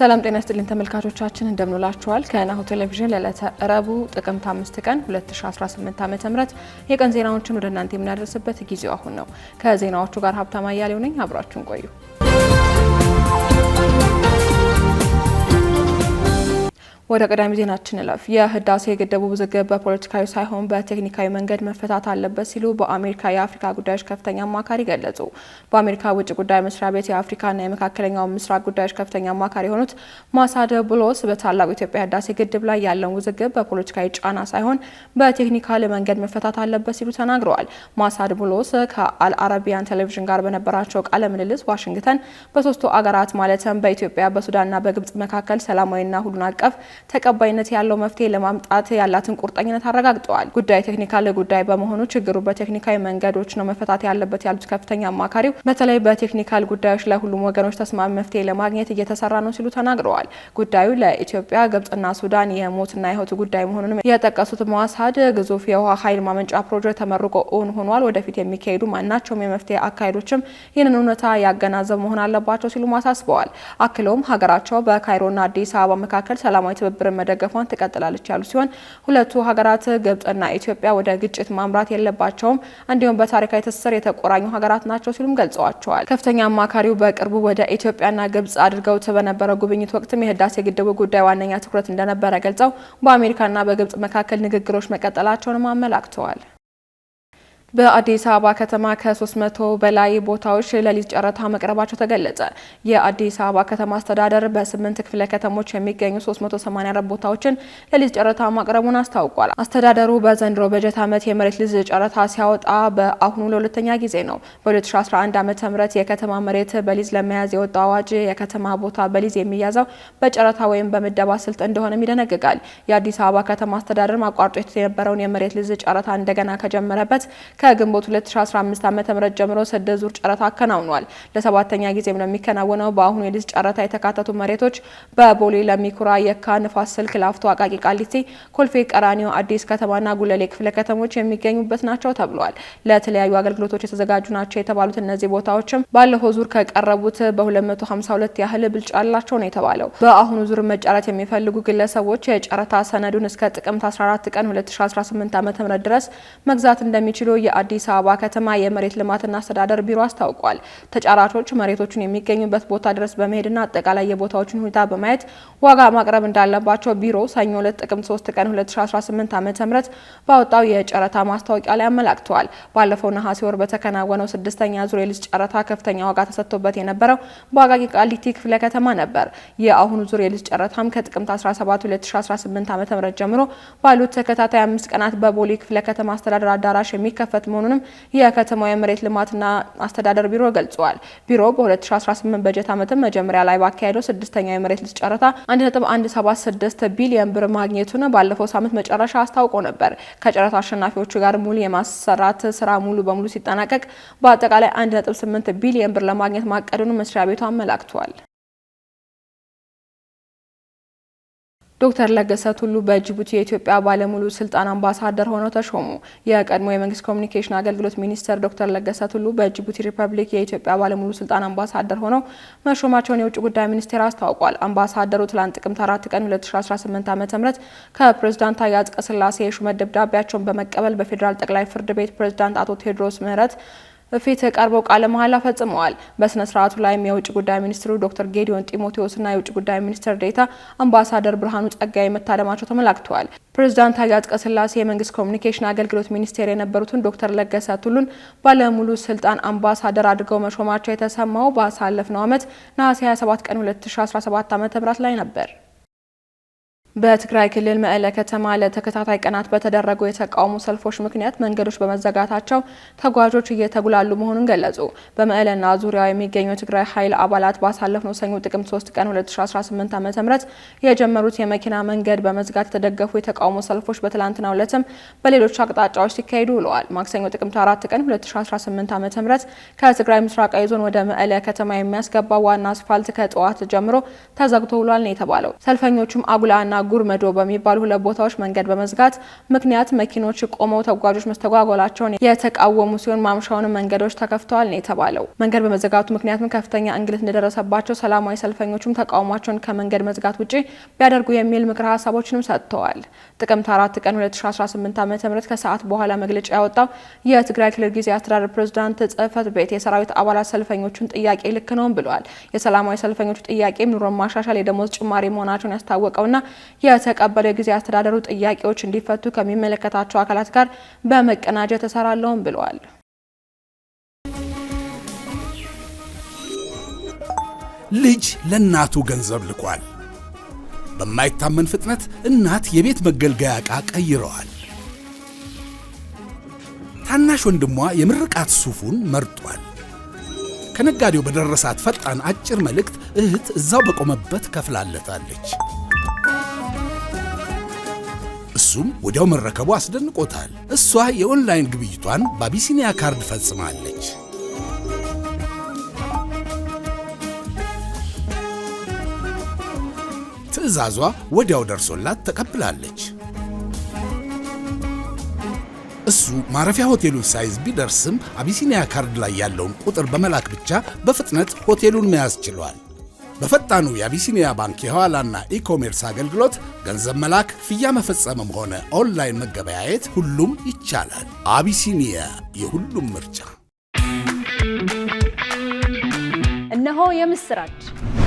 ሰላም ጤና ይስጥልኝ ተመልካቾቻችን፣ እንደምንላችኋል ከናሁ ቴሌቪዥን ለዕለተ ረቡ ጥቅምት አምስት ቀን 2018 ም የቀን ዜናዎችን ወደ እናንተ የምናደርስበት ጊዜው አሁን ነው። ከዜናዎቹ ጋር ሀብታማ አያሌው ነኝ። አብራችሁን ቆዩ። ወደ ቀዳሚ ዜናችን እለፍ። የህዳሴ ግድቡ ውዝግብ በፖለቲካዊ ሳይሆን በቴክኒካዊ መንገድ መፈታት አለበት ሲሉ በአሜሪካ የአፍሪካ ጉዳዮች ከፍተኛ አማካሪ ገለጹ። በአሜሪካ ውጭ ጉዳይ መስሪያ ቤት የአፍሪካና የመካከለኛው ምስራቅ ጉዳዮች ከፍተኛ አማካሪ የሆኑት ማሳደ ብሎስ በታላቁ የኢትዮጵያ ህዳሴ ግድብ ላይ ያለውን ውዝግብ በፖለቲካዊ ጫና ሳይሆን በቴክኒካል መንገድ መፈታት አለበት ሲሉ ተናግረዋል። ማሳድ ብሎስ ከአልአረቢያን ቴሌቪዥን ጋር በነበራቸው ቃለ ምልልስ ዋሽንግተን በሶስቱ አገራት ማለትም በኢትዮጵያ በሱዳንና በግብጽ መካከል ሰላማዊና ሁሉን አቀፍ ተቀባይነት ያለው መፍትሄ ለማምጣት ያላትን ቁርጠኝነት አረጋግጠዋል። ጉዳይ ቴክኒካል ጉዳይ በመሆኑ ችግሩ በቴክኒካዊ መንገዶች ነው መፈታት ያለበት ያሉት ከፍተኛ አማካሪው በተለይ በቴክኒካል ጉዳዮች ላይ ሁሉም ወገኖች ተስማሚ መፍትሄ ለማግኘት እየተሰራ ነው ሲሉ ተናግረዋል። ጉዳዩ ለኢትዮጵያ ግብጽና ሱዳን የሞትና የህይወት ጉዳይ መሆኑንም የጠቀሱት መዋሳድ ግዙፍ የውሃ ኃይል ማመንጫ ፕሮጀክት ተመርቆ እውን ሆኗል። ወደፊት የሚካሄዱ ማናቸውም የመፍትሄ አካሄዶችም ይህንን እውነታ ያገናዘብ መሆን አለባቸው ሲሉ አሳስበዋል። አክለውም ሀገራቸው በካይሮና አዲስ አበባ መካከል ሰላማዊ ትብብርን መደገፏን ትቀጥላለች ያሉ ሲሆን ሁለቱ ሀገራት ግብጽና ኢትዮጵያ ወደ ግጭት ማምራት የለባቸውም፣ እንዲሁም በታሪካዊ ትስስር የተቆራኙ ሀገራት ናቸው ሲሉም ገልጸዋቸዋል። ከፍተኛ አማካሪው በቅርቡ ወደ ኢትዮጵያና ግብጽ አድርገውት በነበረው ጉብኝት ወቅትም የህዳሴ ግድቡ ጉዳይ ዋነኛ ትኩረት እንደነበረ ገልጸው በአሜሪካና በግብጽ መካከል ንግግሮች መቀጠላቸውንም አመላክተዋል። በአዲስ አበባ ከተማ ከ300 በላይ ቦታዎች ለሊዝ ጨረታ መቅረባቸው ተገለጸ። የአዲስ አበባ ከተማ አስተዳደር በስምንት ክፍለ ከተሞች የሚገኙ 384 ቦታዎችን ለሊዝ ጨረታ ማቅረቡን አስታውቋል። አስተዳደሩ በዘንድሮ በጀት ዓመት የመሬት ሊዝ ጨረታ ሲያወጣ በአሁኑ ለሁለተኛ ጊዜ ነው። በ2011 ዓ ም የከተማ መሬት በሊዝ ለመያዝ የወጣው አዋጅ የከተማ ቦታ በሊዝ የሚያዘው በጨረታ ወይም በምደባ ስልት እንደሆነም ይደነግጋል። የአዲስ አበባ ከተማ አስተዳደር ማቋርጦ የነበረውን የመሬት ሊዝ ጨረታ እንደገና ከጀመረበት ከግንቦት 2015 ዓ.ም ጀምሮ ስድስት ዙር ጨረታ አከናውኗል። ለሰባተኛ ጊዜም ለሚከናወነው በአሁኑ የሊዝ ጨረታ የተካተቱ መሬቶች በቦሌ ለሚኩራ፣ የካ፣ ንፋስ ስልክ፣ ላፍቶ፣ አቃቂ ቃሊቲ፣ ኮልፌ ቀራኒዮ፣ አዲስ ከተማና ጉለሌ ክፍለ ከተሞች የሚገኙበት ናቸው ተብሏል። ለተለያዩ አገልግሎቶች የተዘጋጁ ናቸው የተባሉት እነዚህ ቦታዎችም ባለፈው ዙር ከቀረቡት በ252 ያህል ብልጫ አላቸው ነው የተባለው። በአሁኑ ዙር መጫረት የሚፈልጉ ግለሰቦች የጨረታ ሰነዱን እስከ ጥቅምት 14 ቀን 2018 ዓ.ም ድረስ መግዛት እንደሚችሉ የአዲስ አበባ ከተማ የመሬት ልማትና አስተዳደር ቢሮ አስታውቋል። ተጫራቾች መሬቶቹን የሚገኙበት ቦታ ድረስ በመሄድና አጠቃላይ የቦታዎችን ሁኔታ በማየት ዋጋ ማቅረብ እንዳለባቸው ቢሮ ሰኞ ዕለት ጥቅምት 3 ቀን 2018 ዓ.ም ባወጣው የጨረታ ማስታወቂያ ላይ አመላክተዋል። ባለፈው ነሐሴ ወር በተከናወነው ስድስተኛ ዙር የሊዝ ጨረታ ከፍተኛ ዋጋ ተሰጥቶበት የነበረው በአቃቂ ቃሊቲ ክፍለ ከተማ ነበር። የአሁኑ ዙር የሊዝ ጨረታም ከጥቅምት 17 2018 ዓ.ም ጀምሮ ባሉት ተከታታይ አምስት ቀናት በቦሌ ክፍለ ከተማ አስተዳደር አዳራሽ የሚከፈት የሚከፈት መሆኑንም የከተማው የመሬት ልማትና አስተዳደር ቢሮ ገልጿል። ቢሮ በ2018 በጀት ዓመትም መጀመሪያ ላይ ባካሄደው ስድስተኛው የመሬት ልስ ጨረታ 1.176 ቢሊዮን ብር ማግኘቱን ባለፈው ሳምንት መጨረሻ አስታውቆ ነበር። ከጨረታ አሸናፊዎቹ ጋር ሙሉ የማሰራት ስራ ሙሉ በሙሉ ሲጠናቀቅ በአጠቃላይ 1.8 ቢሊዮን ብር ለማግኘት ማቀዱን መስሪያ ቤቱ አመላክቷል። ዶክተር ለገሰ ቱሉ በጅቡቲ የኢትዮጵያ ባለሙሉ ስልጣን አምባሳደር ሆነው ተሾሙ። የቀድሞ የመንግስት ኮሚኒኬሽን አገልግሎት ሚኒስትር ዶክተር ለገሰ ቱሉ በጅቡቲ ሪፐብሊክ የኢትዮጵያ ባለሙሉ ስልጣን አምባሳደር ሆነው መሾማቸውን የውጭ ጉዳይ ሚኒስቴር አስታውቋል። አምባሳደሩ ትላንት ጥቅምት 4 ቀን 2018 ዓ ም ከፕሬዝዳንት ታዬ አጽቀሥላሴ የሹመት ደብዳቤያቸውን በመቀበል በፌዴራል ጠቅላይ ፍርድ ቤት ፕሬዝዳንት አቶ ቴዎድሮስ ምህረት በፊት ቀርበው ቃለ መሐላ ፈጽመዋል። በስነ ስርዓቱ ላይም የውጭ ጉዳይ ሚኒስትሩ ዶክተር ጌዲዮን ጢሞቴዎስና የውጭ ጉዳይ ሚኒስትር ዴታ አምባሳደር ብርሃኑ ጸጋዬ መታደማቸው ተመላክተዋል። ፕሬዚዳንት ታዬ አጽቀሥላሴ የመንግስት ኮሚኒኬሽን አገልግሎት ሚኒስቴር የነበሩትን ዶክተር ለገሰ ቱሉን ባለሙሉ ስልጣን አምባሳደር አድርገው መሾማቸው የተሰማው ባሳለፍነው ዓመት ነሐሴ 27 ቀን 2017 ም ላይ ነበር። በትግራይ ክልል መቀለ ከተማ ለተከታታይ ቀናት በተደረጉ የተቃውሞ ሰልፎች ምክንያት መንገዶች በመዘጋታቸው ተጓዦች እየተጉላሉ መሆኑን ገለጹ። በመቀለና ዙሪያው የሚገኙ የትግራይ ኃይል አባላት ባሳለፍነው ሰኞ ጥቅምት 3 ቀን 2018 ዓ.ም የጀመሩት የመኪና መንገድ በመዝጋት የተደገፉ የተቃውሞ ሰልፎች በትላንትናው ዕለትም በሌሎች አቅጣጫዎች ሲካሄዱ ውለዋል። ማክሰኞ ጥቅምት 4 ቀን 2018 ዓ.ም ከትግራይ ምስራቃዊ ዞን ወደ መቀለ ከተማ የሚያስገባ ዋና አስፋልት ከጠዋት ጀምሮ ተዘግቶ ውሏል ነው የተባለው። ሰልፈኞቹም አጉላና ጉርመዶ በሚባሉ ሁለት ቦታዎች መንገድ በመዝጋት ምክንያት መኪኖች ቆመው ተጓዦች መስተጓጎላቸውን የተቃወሙ ሲሆን ማምሻውንም መንገዶች ተከፍተዋል ነው የተባለው። መንገድ በመዘጋቱ ምክንያትም ከፍተኛ እንግልት እንደደረሰባቸው ሰላማዊ ሰልፈኞቹም ተቃውሟቸውን ከመንገድ መዝጋት ውጭ ቢያደርጉ የሚል ምክረ ሀሳቦችንም ሰጥተዋል። ጥቅምት አራት ቀን 2018 ዓ ም ከሰዓት በኋላ መግለጫ ያወጣው የትግራይ ክልል ጊዜ አስተዳደር ፕሬዝዳንት ጽህፈት ቤት የሰራዊት አባላት ሰልፈኞቹን ጥያቄ ልክ ነውም ብለዋል። የሰላማዊ ሰልፈኞቹ ጥያቄም ኑሮን ማሻሻል፣ የደሞዝ ጭማሪ መሆናቸውን ያስታወቀውና የተቀበለ የጊዜ አስተዳደሩ ጥያቄዎች እንዲፈቱ ከሚመለከታቸው አካላት ጋር በመቀናጀት እሰራለሁም ብለዋል። ልጅ ለእናቱ ገንዘብ ልኳል። በማይታመን ፍጥነት እናት የቤት መገልገያ ዕቃ ቀይረዋል። ታናሽ ወንድሟ የምርቃት ሱፉን መርጧል። ከነጋዴው በደረሳት ፈጣን አጭር መልእክት እህት እዛው በቆመበት ከፍላለታለች። እሱም ወዲያው መረከቡ አስደንቆታል። እሷ የኦንላይን ግብይቷን በአቢሲኒያ ካርድ ፈጽማለች። ትዕዛዟ ወዲያው ደርሶላት ተቀብላለች። እሱ ማረፊያ ሆቴሉን ሳይዝ ቢደርስም አቢሲኒያ ካርድ ላይ ያለውን ቁጥር በመላክ ብቻ በፍጥነት ሆቴሉን መያዝ ችሏል። በፈጣኑ የአቢሲኒያ ባንክ የሐዋላና ኢኮሜርስ አገልግሎት ገንዘብ መላክ፣ ክፍያ መፈጸምም ሆነ ኦንላይን መገበያየት ሁሉም ይቻላል። አቢሲኒያ የሁሉም ምርጫ። እነሆ የምስራች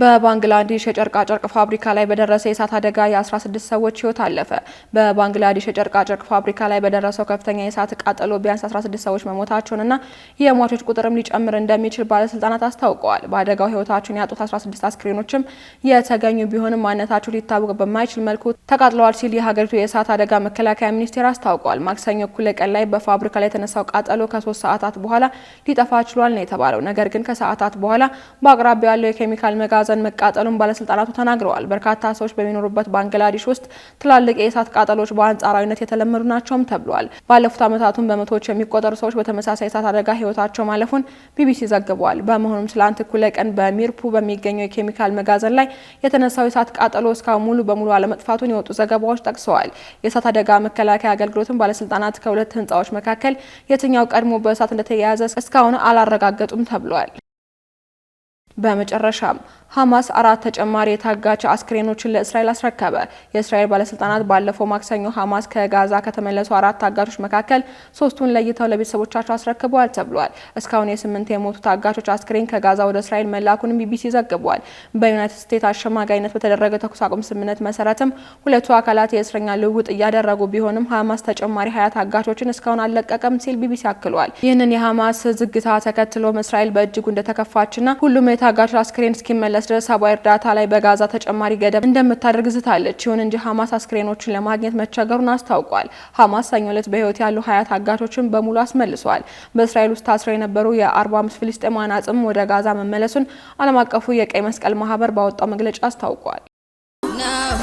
በባንግላዴሽ የጨርቃጨርቅ ፋብሪካ ላይ በደረሰ የእሳት አደጋ የ16 ሰዎች ህይወት አለፈ። በባንግላዴሽ የጨርቃጨርቅ ፋብሪካ ላይ በደረሰው ከፍተኛ የእሳት ቃጠሎ ቢያንስ 16 ሰዎች መሞታቸውንና የሟቾች ቁጥርም ሊጨምር እንደሚችል ባለስልጣናት አስታውቀዋል። በአደጋው ህይወታቸውን ያጡት 16 አስክሬኖችም የተገኙ ቢሆንም ማንነታቸው ሊታወቅ በማይችል መልኩ ተቃጥለዋል ሲል የሀገሪቱ የእሳት አደጋ መከላከያ ሚኒስቴር አስታውቋል። ማክሰኞ እኩለ ቀን ላይ በፋብሪካ ላይ የተነሳው ቃጠሎ ከሶስት ሰዓታት በኋላ ሊጠፋ ችሏል ነው የተባለው። ነገር ግን ከሰዓታት በኋላ በአቅራቢያ ያለው የኬሚካል መጋ መጋዘን መቃጠሉን ባለስልጣናቱ ተናግረዋል። በርካታ ሰዎች በሚኖሩበት ባንግላዴሽ ውስጥ ትላልቅ የእሳት ቃጠሎች በአንጻራዊነት የተለመዱ ናቸውም ተብሏል። ባለፉት ዓመታቱን በመቶዎች የሚቆጠሩ ሰዎች በተመሳሳይ እሳት አደጋ ህይወታቸው ማለፉን ቢቢሲ ዘግቧል። በመሆኑም ትላንት እኩለ ቀን በሚርፑ በሚገኘው የኬሚካል መጋዘን ላይ የተነሳው የእሳት ቃጠሎ እስካሁን ሙሉ በሙሉ አለመጥፋቱን የወጡ ዘገባዎች ጠቅሰዋል። የእሳት አደጋ መከላከያ አገልግሎትም ባለስልጣናት ከሁለት ህንፃዎች መካከል የትኛው ቀድሞ በእሳት እንደተያያዘ እስካሁን አላረጋገጡም ተብሏል። በመጨረሻም ሐማስ አራት ተጨማሪ የታጋች አስክሬኖችን ለእስራኤል አስረከበ። የእስራኤል ባለስልጣናት ባለፈው ማክሰኞ ሐማስ ከጋዛ ከተመለሱ አራት ታጋቾች መካከል ሶስቱን ለይተው ለቤተሰቦቻቸው አስረክበዋል ተብሏል። እስካሁን የስምንት የሞቱ ታጋቾች አስክሬን ከጋዛ ወደ እስራኤል መላኩንም ቢቢሲ ዘግቧል። በዩናይትድ ስቴትስ አሸማጋይነት በተደረገ ተኩስ አቁም ስምምነት መሰረትም ሁለቱ አካላት የእስረኛ ልውውጥ እያደረጉ ቢሆንም ሐማስ ተጨማሪ ሀያ ታጋቾችን እስካሁን አልለቀቀም ሲል ቢቢሲ አክሏል። ይህንን የሐማስ ዝግታ ተከትሎም እስራኤል በእጅጉ እንደተከፋችና ሁሉም የታ የታጋች አስክሬን እስኪመለስ ድረስ ሰብአዊ እርዳታ ላይ በጋዛ ተጨማሪ ገደብ እንደምታደርግ ዝታለች። ይሁን እንጂ ሀማስ አስክሬኖችን ለማግኘት መቸገሩን አስታውቋል። ሀማስ ሰኞ ዕለት በህይወት ያሉ ሀያ ታጋቾችን በሙሉ አስመልሷል። በእስራኤል ውስጥ ታስረው የነበሩ የ45 ፍልስጤማውያን አጽም ወደ ጋዛ መመለሱን ዓለም አቀፉ የቀይ መስቀል ማህበር ባወጣው መግለጫ አስታውቋል። ናሁ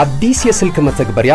አዲስ የስልክ መተግበሪያ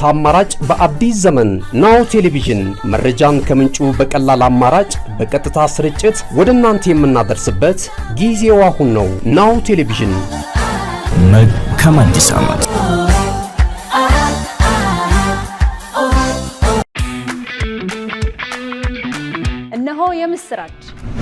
አማራጭ በአዲስ ዘመን ናው ቴሌቪዥን መረጃን ከምንጩ በቀላል አማራጭ በቀጥታ ስርጭት ወደ እናንተ የምናደርስበት ጊዜው አሁን ነው። ናው ቴሌቪዥን መልካም አዲስ ዓመት። እነሆ የምስራች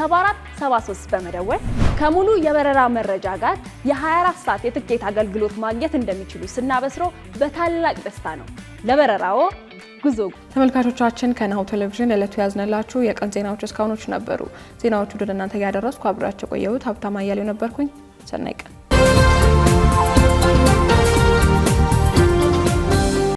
7473 በመደወል ከሙሉ የበረራ መረጃ ጋር የ24 ሰዓት የትኬት አገልግሎት ማግኘት እንደሚችሉ ስናበስሮ በታላቅ ደስታ ነው። ለበረራዎ ጉዞ። ተመልካቾቻችን ከናሁ ቴሌቪዥን ለዕለቱ ያዝነላችሁ የቀን ዜናዎች እስካሁኖች ነበሩ። ዜናዎቹ ወደ እናንተ ያደረስኩ አብራቸው ቆየሁት ሀብታማ እያሌው ነበርኩኝ። ሰናይ ቀን